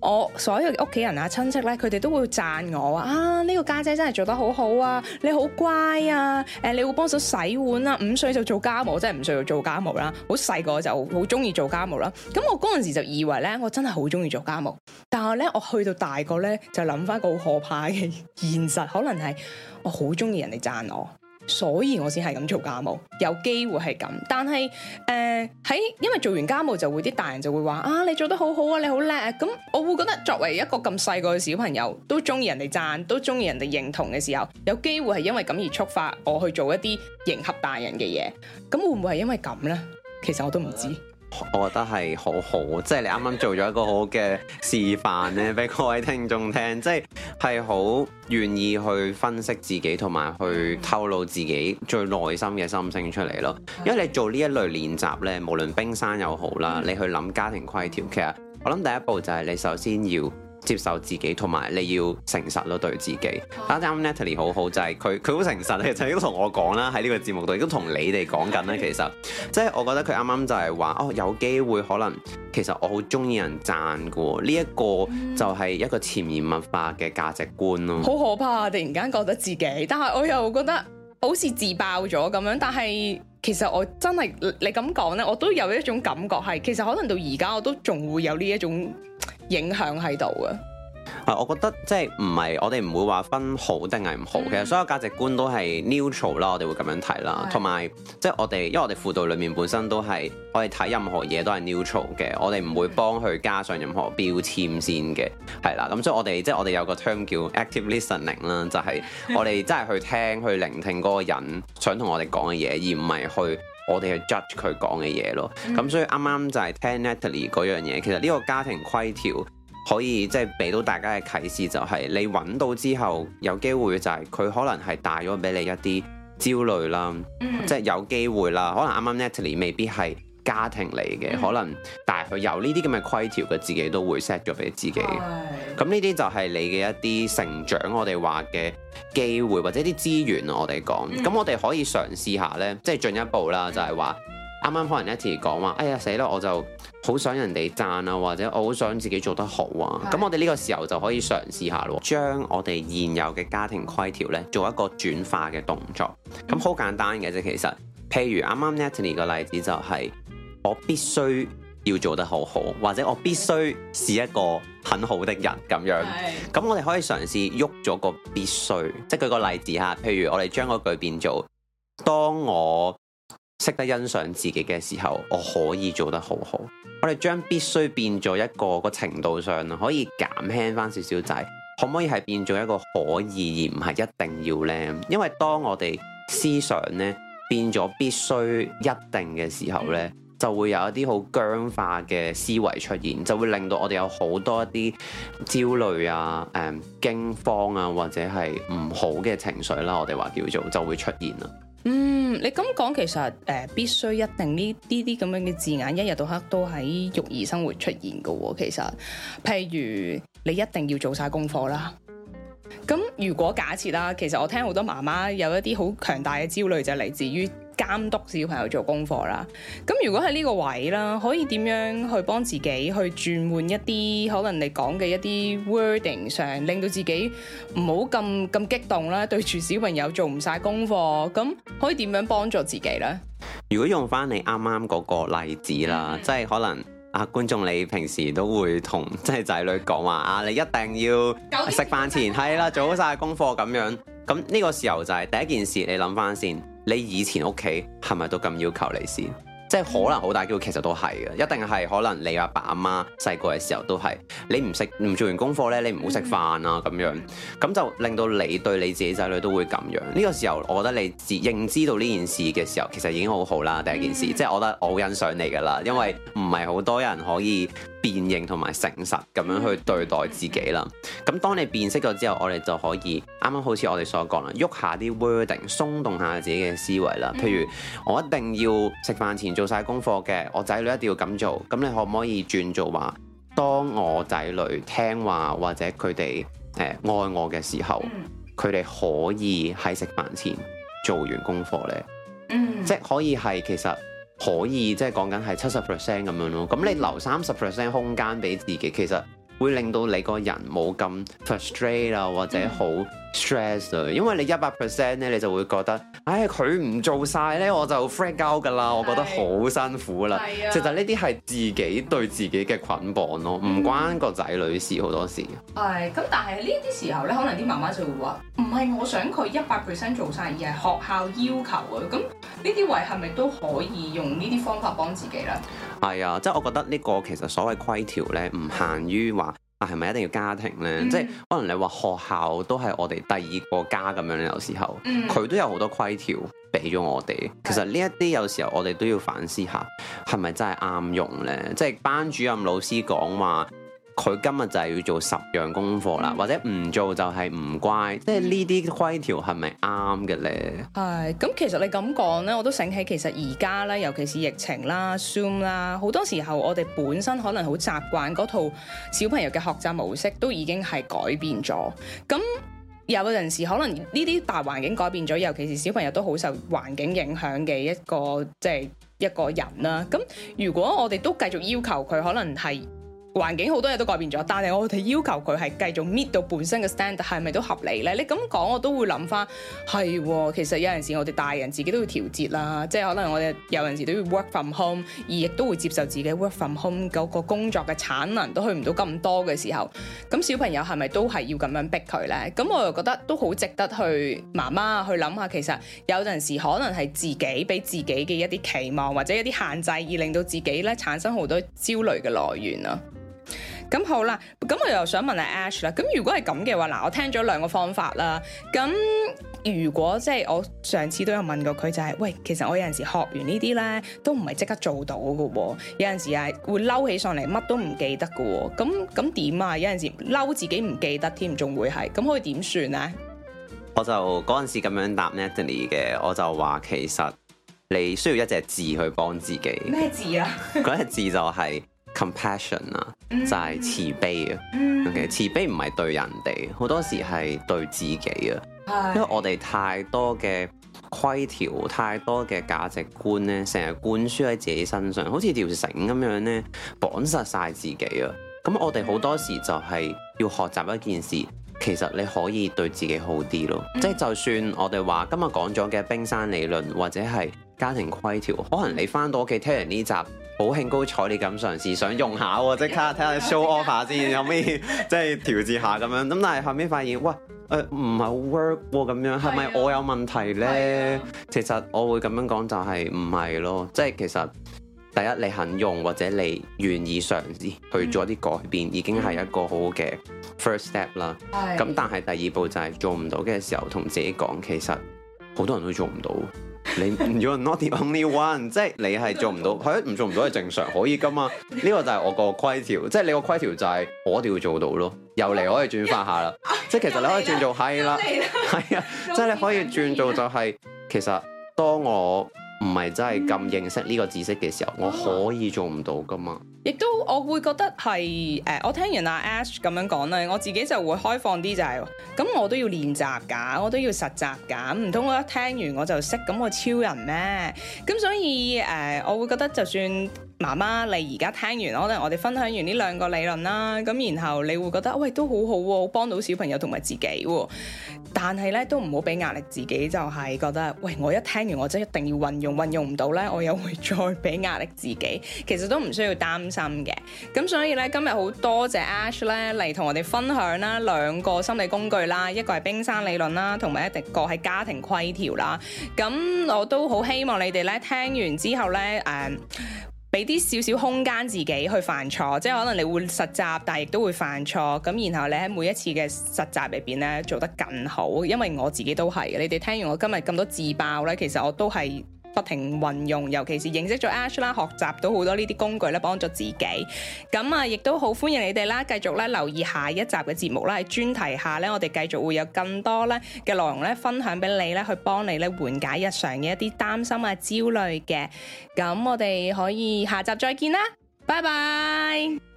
我所有屋企人啊、親戚咧，佢哋都會讚我啊！啊，呢個家姐真係做得好好啊！你好乖啊！誒，你會幫手洗碗啊，五歲就做家務，真係五歲就做家務啦，好細個就好中意做家務啦。咁我嗰陣時就以為咧，我真係好中意做家務，但係咧，我去到大個咧，就諗翻一個好可怕嘅現實，可能係我好中意人哋讚我。所以我先係咁做家務，有機會係咁。但係誒喺，因為做完家務就會啲大人就會話啊，你做得好好啊，你好叻啊。咁我會覺得作為一個咁細個嘅小朋友，都中意人哋讚，都中意人哋認同嘅時候，有機會係因為咁而觸發我去做一啲迎合大人嘅嘢。咁會唔會係因為咁呢？其實我都唔知。我覺得係好好，即係你啱啱做咗一個好嘅示範咧，俾各位聽眾聽，即係係好願意去分析自己同埋去透露自己最內心嘅心聲出嚟囉。因為你做呢一類練習咧，無論冰山又好啦，你去諗家庭規條，其實我諗第一步就係你首先要接受自己，同埋你要誠實咯對自己。但啱 Natalie 好好就係、是、佢，佢好誠實，佢亦都同我講啦，喺呢個節目度亦都同你哋講緊啦。其實，即係 我覺得佢啱啱就係話哦，有機會可能其實我好中意人讚嘅呢一個就係一個潛移默化嘅價值觀咯。好 可怕，突然間覺得自己，但係我又覺得好似自爆咗咁樣。但係其實我真係你咁講咧，我都有一種感覺係，其實可能到而家我都仲會有呢一種。影響喺度嘅，啊，uh, 我覺得即係唔係我哋唔會話分好定係唔好，其實、嗯、所有價值觀都係 neutral 啦，的我哋會咁樣睇啦，同埋即係我哋，因為我哋輔導裏面本身都係我哋睇任何嘢都係 neutral 嘅，我哋唔會幫佢加上任何標籤先嘅，係啦、嗯，咁所以我哋即係我哋有個 term 叫 active listening 啦，就係我哋真係去聽 去聆聽嗰個人想同我哋講嘅嘢，而唔係去。我哋去 judge 佢講嘅嘢咯，咁、嗯、所以啱啱就係聽 Natalie 嗰樣嘢，其實呢個家庭規條可以即係俾到大家嘅啟示就係，你揾到之後有機會就係佢可能係帶咗俾你一啲焦慮啦，即係、嗯、有機會啦，可能啱啱 Natalie 未必係。家庭嚟嘅、嗯、可能，但係佢有呢啲咁嘅規條嘅，自己都會 set 咗俾自己。咁呢啲就係你嘅一啲成長，我哋話嘅機會或者啲資源，我哋講。咁、嗯、我哋可以嘗試下呢，即係進一步啦，就係話啱啱可能 Natalie 講話，哎呀死啦，我就好想人哋讚啊，或者我好想自己做得好啊。咁的我哋呢個時候就可以嘗試下咯，將我哋現有嘅家庭規條呢，做一個轉化嘅動作。咁好、嗯、簡單嘅啫，其實，譬如啱啱 Natalie 個例子就係、是。我必須要做得好好，或者我必須是一個很好的人，咁樣咁，的我哋可以嘗試喐咗個必須，即係舉個例子吓，譬如我哋將嗰句變做當我識得欣賞自己嘅時候，我可以做得好好。我哋將必須變做一個個程度上可減輕點點，可以減輕翻少少仔，可唔可以係變做一個可以而唔係一定要呢？因為當我哋思想呢變咗必須一定嘅時候呢。嗯就會有一啲好僵化嘅思維出現，就會令到我哋有好多一啲焦慮啊、誒、嗯、驚慌啊，或者係唔好嘅情緒啦、啊。我哋話叫做就會出現啦。嗯，你咁講其實誒、呃、必須一定呢啲啲咁樣嘅字眼一日到黑都喺育兒生活出現嘅喎、哦。其實譬如你一定要做晒功課啦。咁如果假設啦，其實我聽好多媽媽有一啲好強大嘅焦慮，就嚟、係、自於。監督小朋友做功課啦，咁如果喺呢個位啦，可以點樣去幫自己去轉換一啲可能你講嘅一啲 wording 上，令到自己唔好咁咁激動啦，對住小朋友做唔晒功課，咁可以點樣幫助自己呢？如果用翻你啱啱嗰個例子啦，mm hmm. 即係可能啊，觀眾你平時都會同即係仔女講話啊，你一定要食飯前係 啦，做好晒功課咁樣，咁呢個時候就係第一件事，你諗翻先。你以前屋企係咪都咁要求你先？即係可能好大機會其實都係嘅，一定係可能你阿爸阿媽細個嘅時候都係你唔食唔做完功課咧，你唔好食飯啊咁樣，咁就令到你對你自己仔女都會咁樣。呢個時候我覺得你自認知到呢件事嘅時候，其實已經好好啦。第一件事，即係我覺得我好欣賞你噶啦，因為唔係好多人可以。變形同埋誠實咁樣去對待自己啦。咁當你辨識咗之後，我哋就可以啱啱好似我哋所講啦，喐下啲 wording，鬆動下自己嘅思維啦。譬如我一定要食飯前做晒功課嘅，我仔女一定要咁做。咁你可唔可以轉做話，當我仔女聽話或者佢哋誒愛我嘅時候，佢哋可以喺食飯前做完功課呢？嗯，即可以係其實。可以即係講緊係七十 percent 咁樣咯，咁你留三十 percent 空間俾自己，其實會令到你個人冇咁 frustrated 啊，或者好嗯 stress 啊，因為你一百 percent 咧，你就會覺得，唉、哎，佢唔做晒咧，我就 fail 噶啦，是我覺得好辛苦啦。啊、其實呢啲係自己對自己嘅捆綁咯，唔關個仔女事好多時。係、哎，咁但係呢啲時候咧，可能啲媽媽就會話，唔係我想佢一百 percent 做晒，而係學校要求嘅。咁呢啲位係咪都可以用呢啲方法幫自己咧？係啊，即、就、係、是、我覺得呢個其實所謂規條咧，唔限於話。係咪一定要家庭呢？嗯、即係可能你話學校都係我哋第二個家咁樣，有時候，佢、嗯、都有好多規條俾咗我哋。其實呢一啲有時候我哋都要反思下，係咪真係啱用呢？即係班主任老師講話。佢今日就係要做十樣功課啦，嗯、或者唔做就係唔乖，嗯、即係呢啲規條係咪啱嘅咧？係，咁其實你咁講咧，我都醒起，其實而家咧，尤其是疫情啦、Zoom 啦，好多時候我哋本身可能好習慣嗰套小朋友嘅學習模式，都已經係改變咗。咁有陣時可能呢啲大環境改變咗，尤其是小朋友都好受環境影響嘅一個即係、即係、一個人啦。咁如果我哋都繼續要求佢，可能係。環境好多嘢都改變咗，但係我哋要求佢係繼續搣到本身嘅 standard 係咪都合理咧？你咁講，我都會諗翻，係其實有陣時我哋大人自己都要調節啦，即係可能我哋有陣時都要 work from home，而亦都會接受自己 work from home 嗰個工作嘅產能都去唔到咁多嘅時候，咁小朋友係咪都係要咁樣逼佢咧？咁我又覺得都好值得去媽媽去諗下，其實有陣時可能係自己俾自己嘅一啲期望或者一啲限制，而令到自己咧產生好多焦慮嘅來源啊。咁好啦，咁我又想問阿 Ash 啦。咁如果係咁嘅話，嗱，我聽咗兩個方法啦。咁如果即係、就係、我上次都有問過佢、就係，就係喂，其實我有陣時學完呢啲咧，都唔係即刻做到嘅喎、哦。有陣時係會嬲起上嚟，乜都唔記得嘅喎、哦。咁咁點啊？有陣時嬲自己唔記得添，仲會係咁，可以點算咧？我就嗰陣時咁樣答 Natalie 嘅，我就話其實你需要一隻字去幫自己咩字啊？嗰隻字就係、是。 Compassion 啊，Compass ion, 就係慈悲啊。OK，慈悲唔係對人哋，好多時係對自己啊。因為我哋太多嘅規條，太多嘅價值觀呢，成日灌輸喺自己身上，好似條繩咁樣呢，綁實晒自己啊。咁我哋好多時就係要學習一件事，其實你可以對自己好啲咯。即係、嗯、就算我哋話今日講咗嘅冰山理論，或者係。家庭規條，可能你翻到屋企聽完呢集，好興高采烈咁嘗試想用下，即刻睇下 show off 下先， 有咩即係調節下咁樣。咁但係後面發現，哇，誒唔係好 work 喎咁樣，係咪我有問題咧？的其實我會咁樣講就係唔係咯，即係其實第一，你肯用或者你願意嘗試去做啲改變，已經係一個好嘅 first step 啦。咁的但係第二步就係、是、做唔到嘅時候，同自己講，其實好多人都做唔到。你 you're not the only one， 即係你係做唔到，佢唔 做唔到係正常，可以噶嘛？呢 個就係我個規條，即係你個規條就係我一定要做到咯。又嚟，可以轉翻下啦， 即係其實你可以轉做係 啦，係啊 啦， 即係你可以轉做就係、是，其實當我唔係真係咁認識呢個知識嘅時候，我可以做唔到噶嘛。亦都我會覺得係誒、呃，我聽完阿 Ash 咁樣講咧，我自己就會開放啲就係、是，咁我都要練習㗎，我都要實習㗎，唔通我一聽完我就識咁我超人咩？咁所以誒、呃，我會覺得就算。媽媽，你而家聽完，可能我哋分享完呢兩個理論啦，咁然後你會覺得，喂，都好好喎，幫到小朋友同埋自己喎。但係咧，都唔好俾壓力自己，就係覺得，喂，我一聽完我真係一定要運用，運用唔到咧，我又會再俾壓力自己。其實都唔需要擔心嘅。咁所以咧，今日好多謝 Ash 咧嚟同我哋分享啦兩個心理工具啦，一個係冰山理論啦，同埋一個係家庭規條啦。咁我都好希望你哋咧聽完之後咧，誒、呃。俾啲少少空間自己去犯錯，即係可能你會實習，但係亦都會犯錯。咁然後你喺每一次嘅實習裏邊咧，做得更好。因為我自己都係，你哋聽完我今日咁多自爆咧，其實我都係。不停運用，尤其是認識咗 Ash 啦，學習到好多呢啲工具咧，幫助自己。咁啊，亦都好歡迎你哋啦，繼續咧留意下一集嘅節目啦，喺專題下咧，我哋繼續會有更多咧嘅內容咧，分享俾你咧，去幫你咧緩解日常嘅一啲擔心啊焦慮嘅。咁我哋可以下集再見啦，拜拜。